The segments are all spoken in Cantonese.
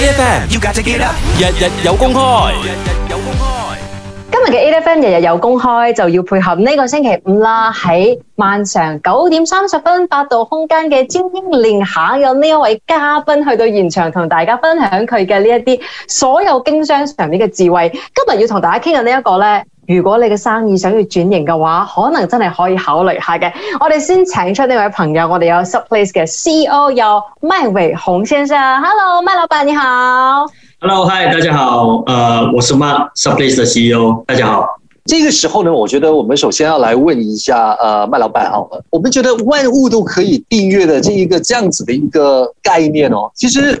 AiFM 要架隻機啦，日日有公開。今日嘅 AiFM 日日有公開，就要配合呢個星期五啦，喺晚上九點三十分，八度空間嘅菁英領航有呢一位嘉賓去到現場，同大家分享佢嘅呢啲所有經商上面嘅智慧。今日要同大家傾嘅呢一個呢如果你嘅生意想要轉型嘅話，可能真係可以考慮一下嘅。我哋先請出呢位朋友，我哋有 Subplace 嘅 CEO 有麥濰閎先生。Hello，麥老闆你好。Hello，Hi，大家好。呃、uh，我是麥 Subplace 嘅 CEO。大家好。呢個時候呢，我覺得我們首先要來問一下，呃，麥老闆，我們覺得萬物都可以訂閱嘅這一個這樣子嘅一個概念哦，其實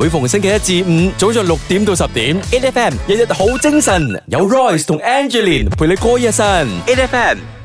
每逢星期一至五，早上六點到十點，Eight FM，日日好精神，有 Royce 同 Angelina 陪你過一晨，Eight FM。